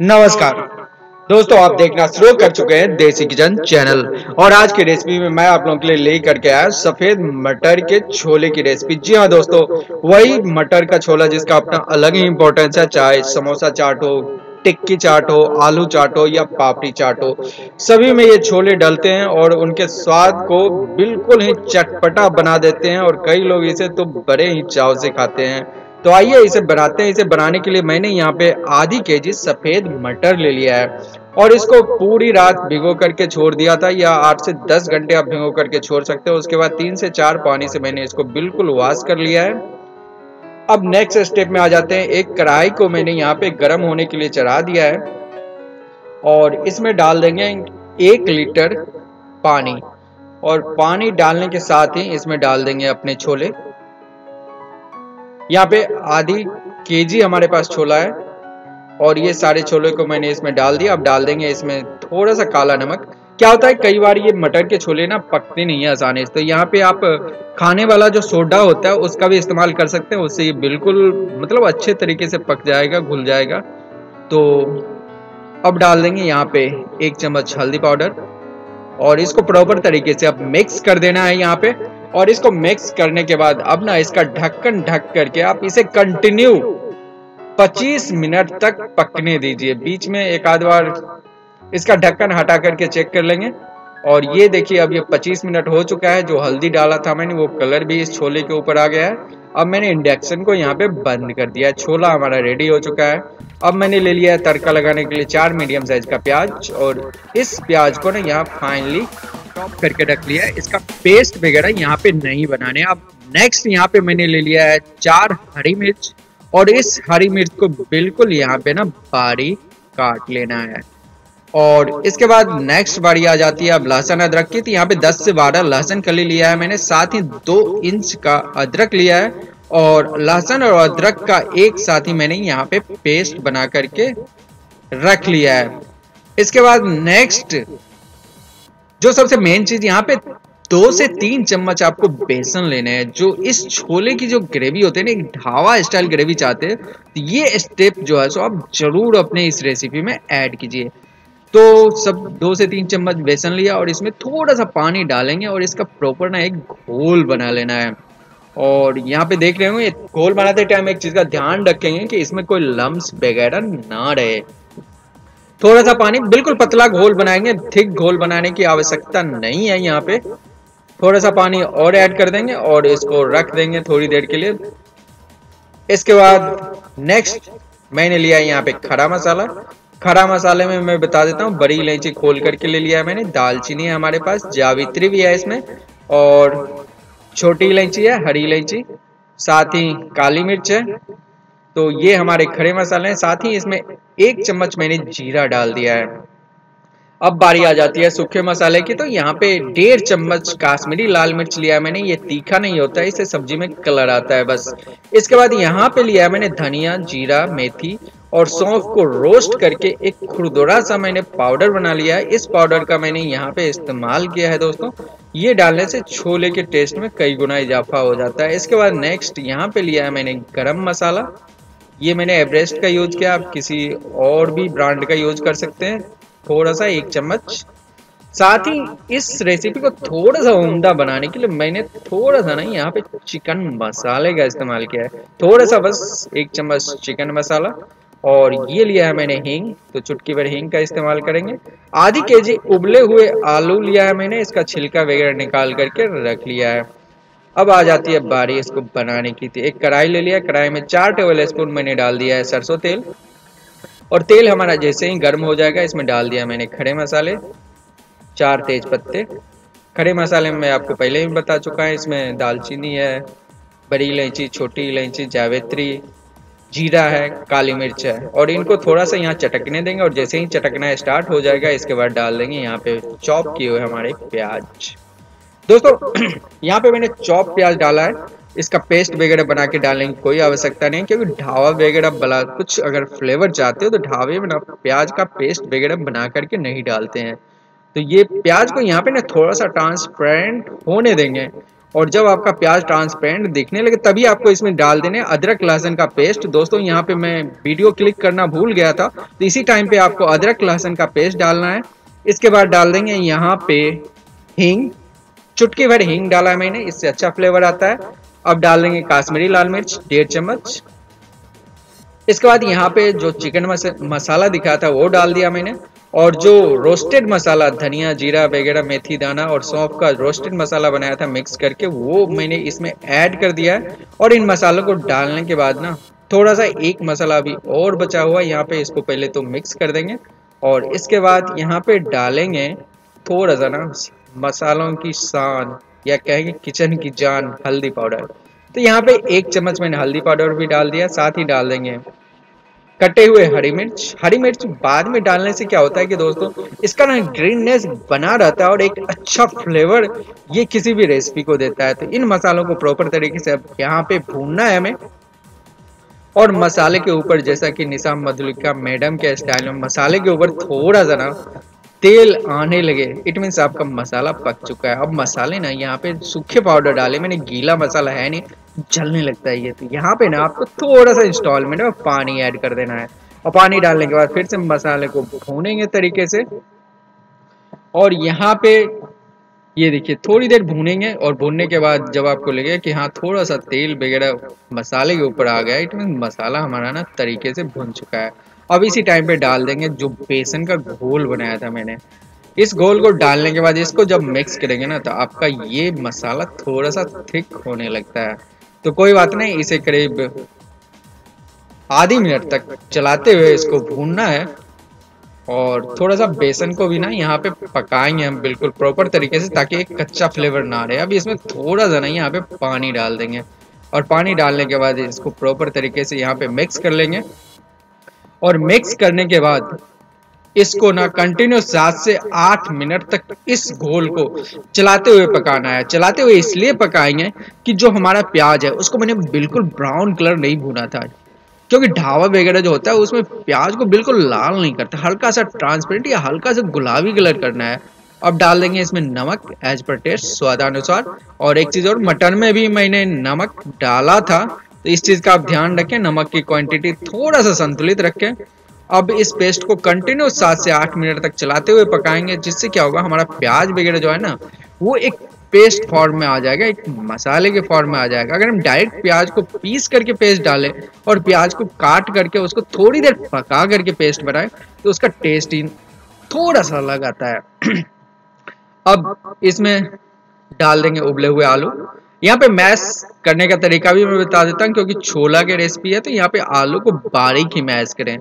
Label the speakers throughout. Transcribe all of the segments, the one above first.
Speaker 1: नमस्कार दोस्तों आप देखना शुरू कर चुके हैं देसी किचन चैनल और आज की रेसिपी में मैं आप लोगों के लिए ले करके आया सफेद मटर के छोले की रेसिपी जी हाँ दोस्तों वही मटर का छोला जिसका अपना अलग ही इम्पोर्टेंस है चाहे समोसा चाट हो टिक्की चाट हो आलू चाट हो या पापड़ी चाट हो सभी में ये छोले डलते हैं और उनके स्वाद को बिल्कुल ही चटपटा बना देते हैं और कई लोग इसे तो बड़े ही चाव से खाते हैं तो आइए इसे बनाते हैं इसे बनाने के लिए मैंने यहाँ पे आधी के जी सफ़ेद मटर ले लिया है और इसको पूरी रात भिगो करके छोड़ दिया था या आठ से दस घंटे आप भिगो करके छोड़ सकते हो उसके बाद तीन से चार पानी से मैंने इसको बिल्कुल वाश कर लिया है अब नेक्स्ट स्टेप में आ जाते हैं एक कढ़ाई को मैंने यहाँ पे गर्म होने के लिए चढ़ा दिया है और इसमें डाल देंगे एक लीटर पानी और पानी डालने के साथ ही इसमें डाल देंगे अपने छोले यहाँ पे आधी केजी हमारे पास छोला है और ये सारे छोले को मैंने इसमें डाल दिया अब डाल देंगे इसमें थोड़ा सा काला नमक क्या होता है कई बार ये मटर के छोले ना पकते नहीं है आसानी से तो यहाँ पे आप खाने वाला जो सोडा होता है उसका भी इस्तेमाल कर सकते हैं उससे ये बिल्कुल मतलब अच्छे तरीके से पक जाएगा घुल जाएगा तो अब डाल देंगे यहाँ पे एक चम्मच हल्दी पाउडर और इसको प्रॉपर तरीके से अब मिक्स कर देना है यहाँ पे और इसको मिक्स करने के बाद अब ना इसका ढक्कन ढक करके आप इसे कंटिन्यू 25 मिनट तक पकने दीजिए बीच में एक आध बार इसका ढक्कन हटा करके चेक कर लेंगे और ये देखिए अब ये 25 मिनट हो चुका है जो हल्दी डाला था मैंने वो कलर भी इस छोले के ऊपर आ गया है अब मैंने इंडक्शन को यहाँ पे बंद कर दिया है छोला हमारा रेडी हो चुका है अब मैंने ले लिया है तड़का लगाने के लिए चार मीडियम साइज का प्याज और इस प्याज को ना यहाँ फाइनली टॉप करके रख लिया है इसका पेस्ट वगैरह यहाँ पे नहीं बनाने अब नेक्स्ट यहाँ पे मैंने ले लिया है चार हरी मिर्च और इस हरी मिर्च को बिल्कुल यहाँ पे ना बारी काट लेना है और इसके बाद नेक्स्ट बारी आ जाती है अब लहसन अदरक की तो यहाँ पे 10 से 12 लहसन कली लिया है मैंने साथ ही दो इंच का अदरक लिया है और लहसन और अदरक का एक साथ ही मैंने यहाँ पे पेस्ट बना करके रख लिया है इसके बाद नेक्स्ट जो सबसे मेन चीज यहाँ पे दो से तीन चम्मच आपको बेसन लेने हैं जो इस छोले की जो ग्रेवी होती है ना एक ढावा स्टाइल ग्रेवी चाहते हैं तो ये स्टेप जो है सो आप जरूर अपने इस रेसिपी में ऐड कीजिए तो सब दो से तीन चम्मच बेसन लिया और इसमें थोड़ा सा पानी डालेंगे और इसका प्रॉपर ना एक घोल बना लेना है और यहाँ पे देख रहे होंगे घोल बनाते टाइम एक चीज़ का ध्यान रखेंगे कि इसमें कोई लम्स वगैरह ना रहे थोड़ा सा पानी बिल्कुल पतला घोल बनाएंगे थिक घोल बनाने की आवश्यकता नहीं है यहाँ पे थोड़ा सा पानी और ऐड कर देंगे और इसको रख देंगे थोड़ी देर के लिए इसके बाद नेक्स्ट मैंने लिया यहाँ पे खड़ा मसाला खड़ा मसाले में मैं बता देता हूँ बड़ी इलायची खोल करके ले लिया है मैंने दालचीनी है हमारे पास जावित्री भी है इसमें और छोटी इलायची है हरी इलायची साथ ही काली मिर्च है तो ये हमारे खड़े मसाले हैं साथ ही इसमें एक चम्मच मैंने जीरा डाल दिया है अब बारी आ जाती है सूखे मसाले की तो यहाँ पे डेढ़ चम्मच काश्मीरी लाल मिर्च लिया है मैंने ये तीखा नहीं होता है इससे सब्जी में कलर आता है बस इसके बाद यहाँ पे लिया है मैंने धनिया जीरा मेथी और सौंफ को रोस्ट करके एक खुरदुरा सा मैंने पाउडर बना लिया है इस पाउडर का मैंने यहाँ पे इस्तेमाल किया है दोस्तों ये डालने से छोले के टेस्ट में कई गुना इजाफा हो जाता है इसके बाद नेक्स्ट यहाँ पे लिया है मैंने गरम मसाला ये मैंने एवरेस्ट का यूज किया आप किसी और भी ब्रांड का यूज कर सकते हैं थोड़ा सा एक चम्मच साथ ही इस रेसिपी को थोड़ा सा उमदा बनाने के लिए मैंने थोड़ा सा ना यहाँ पे चिकन मसाले का इस्तेमाल किया है थोड़ा सा बस एक चम्मच चिकन मसाला और ये लिया है मैंने हींग तो चुटकी भर हींग का इस्तेमाल करेंगे आधी केजी उबले हुए आलू लिया है मैंने इसका छिलका वगैरह निकाल करके रख लिया है अब आ जाती है बारी इसको बनाने की थी एक कढ़ाई ले लिया कढ़ाई में चार टेबल स्पून मैंने डाल दिया है सरसों तेल और तेल हमारा जैसे ही गर्म हो जाएगा इसमें डाल दिया मैंने खड़े मसाले चार तेज पत्ते खड़े मसाले में आपको पहले भी बता चुका है इसमें दालचीनी है बड़ी इलायची छोटी इलायची जावेत्री जीरा है काली मिर्च है और इनको थोड़ा सा यहाँ चटकने देंगे और जैसे ही चटकना स्टार्ट हो जाएगा इसके बाद डाल देंगे यहाँ पे चॉप किए हुए हमारे प्याज दोस्तों यहाँ पे मैंने चॉप प्याज डाला है इसका पेस्ट वगैरह बना के डालने की कोई आवश्यकता नहीं क्योंकि ढावा वगैरह बला कुछ अगर फ्लेवर चाहते हो तो ढावे में ना प्याज का पेस्ट वगैरह बना करके नहीं डालते हैं तो ये प्याज को यहाँ पे ना थोड़ा सा ट्रांसपेरेंट होने देंगे और जब आपका प्याज ट्रांसपेरेंट दिखने लगे तभी आपको इसमें डाल देने अदरक लहसन का पेस्ट दोस्तों यहाँ पे मैं वीडियो क्लिक करना भूल गया था तो इसी टाइम पे आपको अदरक लहसन का पेस्ट डालना है इसके बाद डाल देंगे यहाँ पे हिंग चुटकी भर हींग डाला है मैंने इससे अच्छा फ्लेवर आता है अब डाल देंगे काश्मीरी लाल मिर्च डेढ़ चम्मच इसके बाद यहाँ पे जो चिकन मसाला दिखा था वो डाल दिया मैंने और जो रोस्टेड मसाला धनिया जीरा वगैरह मेथी दाना और सौंफ का रोस्टेड मसाला बनाया था मिक्स करके वो मैंने इसमें ऐड कर दिया है और इन मसालों को डालने के बाद ना थोड़ा सा एक मसाला अभी और बचा हुआ यहाँ पे इसको पहले तो मिक्स कर देंगे और इसके बाद यहाँ पे डालेंगे थोड़ा सा ना मसालों की शान या कहेंगे किचन की जान हल्दी पाउडर तो यहाँ पे एक चम्मच मैंने हल्दी पाउडर भी डाल दिया साथ ही डाल देंगे कटे हुए हरी मिर्च हरी मिर्च बाद में डालने से क्या होता है कि दोस्तों इसका ना ग्रीननेस बना रहता है और एक अच्छा फ्लेवर ये किसी भी रेसिपी को देता है तो इन मसालों को प्रॉपर तरीके से अब यहाँ पे भूनना है हमें और मसाले के ऊपर जैसा कि निशा मधुलिका मैडम के स्टाइल में मसाले के ऊपर थोड़ा सा ना तेल आने लगे इट मीन्स आपका मसाला पक चुका है अब मसाले ना यहाँ पे सूखे पाउडर डाले मैंने गीला मसाला है नहीं जलने लगता है ये तो यहाँ पे ना आपको थोड़ा सा इंस्टॉलमेंट में पानी ऐड कर देना है और पानी डालने के बाद फिर से मसाले को भूनेंगे तरीके से और यहाँ पे ये देखिए थोड़ी देर भूनेंगे और भूनने के बाद जब आपको लगे कि हाँ थोड़ा सा तेल वगैरह मसाले के ऊपर आ गया इट मीन मसाला हमारा ना तरीके से भुन चुका है अब इसी टाइम पे डाल देंगे जो बेसन का घोल बनाया था मैंने इस घोल को डालने के बाद इसको जब मिक्स करेंगे ना तो आपका ये मसाला थोड़ा सा थिक होने लगता है तो कोई बात नहीं इसे करीब आधी मिनट तक चलाते हुए इसको भूनना है और थोड़ा सा बेसन को भी ना यहाँ पे पकाएंगे हम बिल्कुल प्रॉपर तरीके से ताकि एक कच्चा फ्लेवर ना रहे अभी इसमें थोड़ा सा ना यहाँ पे पानी डाल देंगे और पानी डालने के बाद इसको प्रॉपर तरीके से यहाँ पे मिक्स कर लेंगे और मिक्स करने के बाद इसको ना कंटिन्यू सात से आठ मिनट तक इस घोल को चलाते हुए पकाना है चलाते हुए इसलिए पकाएंगे कि जो हमारा प्याज है उसको मैंने बिल्कुल ब्राउन कलर नहीं भुना था क्योंकि ढावा वगैरह जो होता है उसमें प्याज को बिल्कुल लाल नहीं करता हल्का सा ट्रांसपेरेंट या हल्का सा गुलाबी कलर करना है अब डाल देंगे इसमें नमक एज पर टेस्ट स्वादानुसार और एक चीज़ और मटन में भी मैंने नमक डाला था तो इस चीज़ का आप ध्यान रखें नमक की क्वांटिटी थोड़ा सा संतुलित रखें अब इस पेस्ट को कंटिन्यू सात से आठ मिनट तक चलाते हुए पकाएंगे जिससे क्या होगा हमारा प्याज वगैरह जो है ना वो एक पेस्ट फॉर्म में आ जाएगा एक मसाले के फॉर्म में आ जाएगा अगर हम डायरेक्ट प्याज को पीस करके पेस्ट डालें और प्याज को काट करके उसको थोड़ी देर पका करके पेस्ट बनाए तो उसका टेस्ट ही थोड़ा सा अलग आता है अब इसमें डाल देंगे उबले हुए आलू यहाँ पे मैश करने का तरीका भी मैं बता देता हूँ क्योंकि छोला की रेसिपी है तो यहाँ पे आलू को बारीक ही मैश करें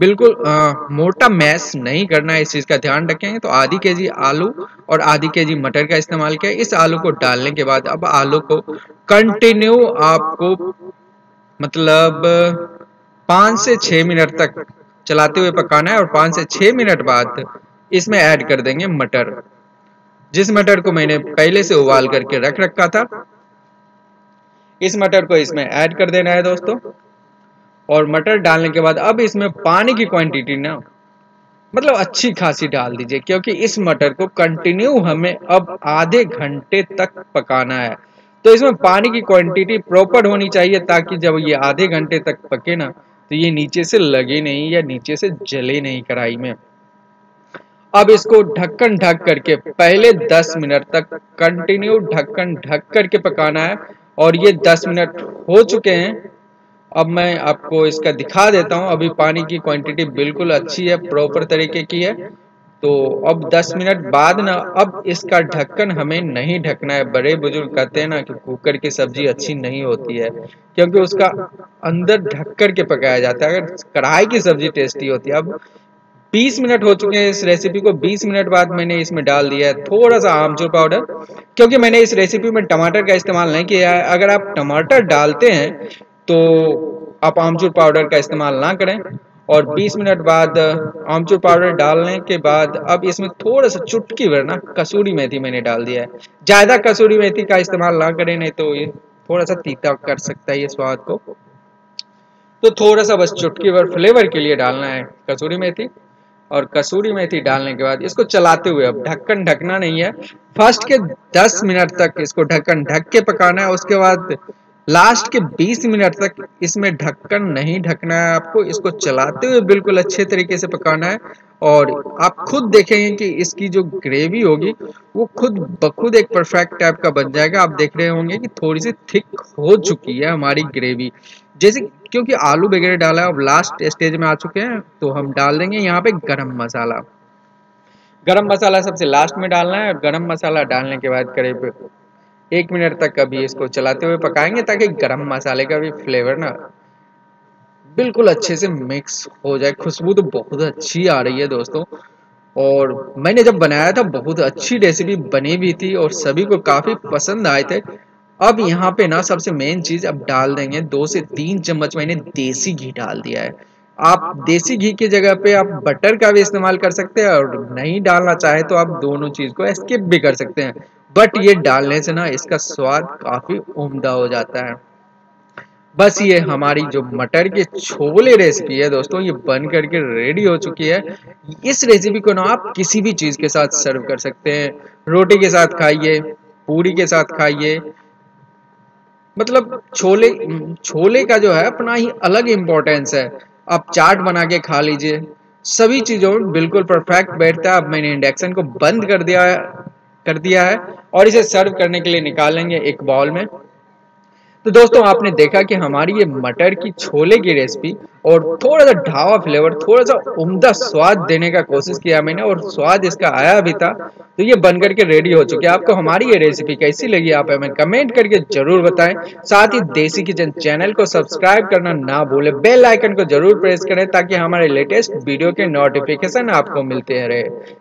Speaker 1: बिल्कुल आ, मोटा मैश नहीं करना है इस चीज़ का ध्यान रखें तो आधी के जी आलू और आधी के जी मटर का इस्तेमाल किया इस आलू को डालने के बाद अब आलू को कंटिन्यू आपको मतलब पाँच से छः मिनट तक चलाते हुए पकाना है और पाँच से छः मिनट बाद इसमें ऐड कर देंगे मटर जिस मटर को मैंने पहले से उबाल करके रख रखा था इस मटर को इसमें ऐड कर देना है दोस्तों और मटर डालने के बाद अब इसमें पानी की क्वांटिटी ना मतलब अच्छी खासी डाल दीजिए क्योंकि इस मटर को कंटिन्यू हमें अब आधे घंटे तक पकाना है तो इसमें पानी की क्वांटिटी प्रॉपर होनी चाहिए ताकि जब ये आधे घंटे तक पके ना तो ये नीचे से लगे नहीं या नीचे से जले नहीं कढ़ाई में अब इसको ढक्कन ढक धक करके पहले 10 मिनट तक कंटिन्यू ढक्कन ढक धक करके पकाना है और ये 10 मिनट हो चुके हैं अब मैं आपको इसका दिखा देता हूँ अभी पानी की क्वांटिटी बिल्कुल अच्छी है प्रॉपर तरीके की है तो अब 10 मिनट बाद ना अब इसका ढक्कन हमें नहीं ढकना है बड़े बुजुर्ग कहते हैं ना कि कुकर की सब्जी अच्छी नहीं होती है क्योंकि उसका अंदर ढक कर के पकाया जाता है अगर कढ़ाई की सब्जी टेस्टी होती है अब 20 मिनट हो चुके हैं इस रेसिपी को 20 मिनट बाद मैंने इसमें डाल दिया है थोड़ा सा आमचूर पाउडर क्योंकि मैंने इस रेसिपी में टमाटर का इस्तेमाल नहीं किया है अगर आप टमाटर डालते हैं तो आप आमचूर पाउडर का इस्तेमाल ना करें और 20 मिनट बाद आमचूर पाउडर डालने के बाद अब इसमें थोड़ा सा चुटकी भर ना कसूरी मेथी मैंने डाल दिया है ज़्यादा कसूरी मेथी का इस्तेमाल ना करें नहीं तो ये थोड़ा सा तीता कर सकता है ये स्वाद को तो थोड़ा सा बस चुटकी भर फ्लेवर के लिए डालना है कसूरी मेथी और कसूरी मेथी डालने के बाद इसको चलाते हुए अब ढक्कन ढकना नहीं है फर्स्ट के 10 मिनट तक इसको ढक्कन ढक के पकाना है उसके बाद लास्ट के 20 मिनट तक इसमें ढक्कन नहीं ढकना है आपको इसको चलाते हुए बिल्कुल अच्छे तरीके से पकाना है और आप खुद देखेंगे कि इसकी जो ग्रेवी होगी वो खुद बखुद एक परफेक्ट टाइप का बन जाएगा आप देख रहे होंगे कि थोड़ी सी थिक हो चुकी है हमारी ग्रेवी जैसे क्योंकि आलू वगैरह डाला है अब लास्ट स्टेज में आ चुके हैं तो हम डाल देंगे यहाँ पे गरम मसाला गरम मसाला सबसे लास्ट में डालना है और गरम मसाला डालने के बाद करीब एक मिनट तक कभी इसको चलाते हुए पकाएंगे ताकि गरम मसाले का भी फ्लेवर ना बिल्कुल अच्छे से मिक्स हो जाए खुशबू तो बहुत अच्छी आ रही है दोस्तों और मैंने जब बनाया था बहुत अच्छी रेसिपी बनी भी थी और सभी को काफ़ी पसंद आए थे अब यहाँ पे ना सबसे मेन चीज अब डाल देंगे दो से तीन चम्मच मैंने देसी घी डाल दिया है आप देसी घी की जगह पे आप बटर का भी इस्तेमाल कर सकते हैं और नहीं डालना चाहे तो आप दोनों चीज को स्किप भी कर सकते हैं बट ये डालने से ना इसका स्वाद काफी उम्दा हो जाता है बस ये हमारी जो मटर के छोले रेसिपी है दोस्तों ये बन करके रेडी हो चुकी है इस रेसिपी को ना आप किसी भी चीज़ के साथ सर्व कर सकते हैं रोटी के साथ खाइए पूरी के साथ खाइए मतलब छोले छोले का जो है अपना ही अलग इम्पोर्टेंस है आप चाट बना के खा लीजिए सभी चीज़ों में बिल्कुल परफेक्ट बैठता है अब मैंने इंडक्शन को बंद कर दिया है कर दिया है और इसे सर्व करने के लिए निकालेंगे एक बॉल में तो दोस्तों आपने देखा कि हमारी ये मटर की छोले की रेसिपी और थोड़ा सा ढावा फ्लेवर थोड़ा सा उम्दा स्वाद देने का कोशिश किया मैंने और स्वाद इसका आया भी था तो ये बन करके रेडी हो चुकी है आपको हमारी ये रेसिपी कैसी लगी आप हमें कमेंट करके जरूर बताएं साथ ही देसी किचन चैनल को सब्सक्राइब करना ना भूले बेल आइकन को जरूर प्रेस करें ताकि हमारे लेटेस्ट वीडियो के नोटिफिकेशन आपको मिलते रहे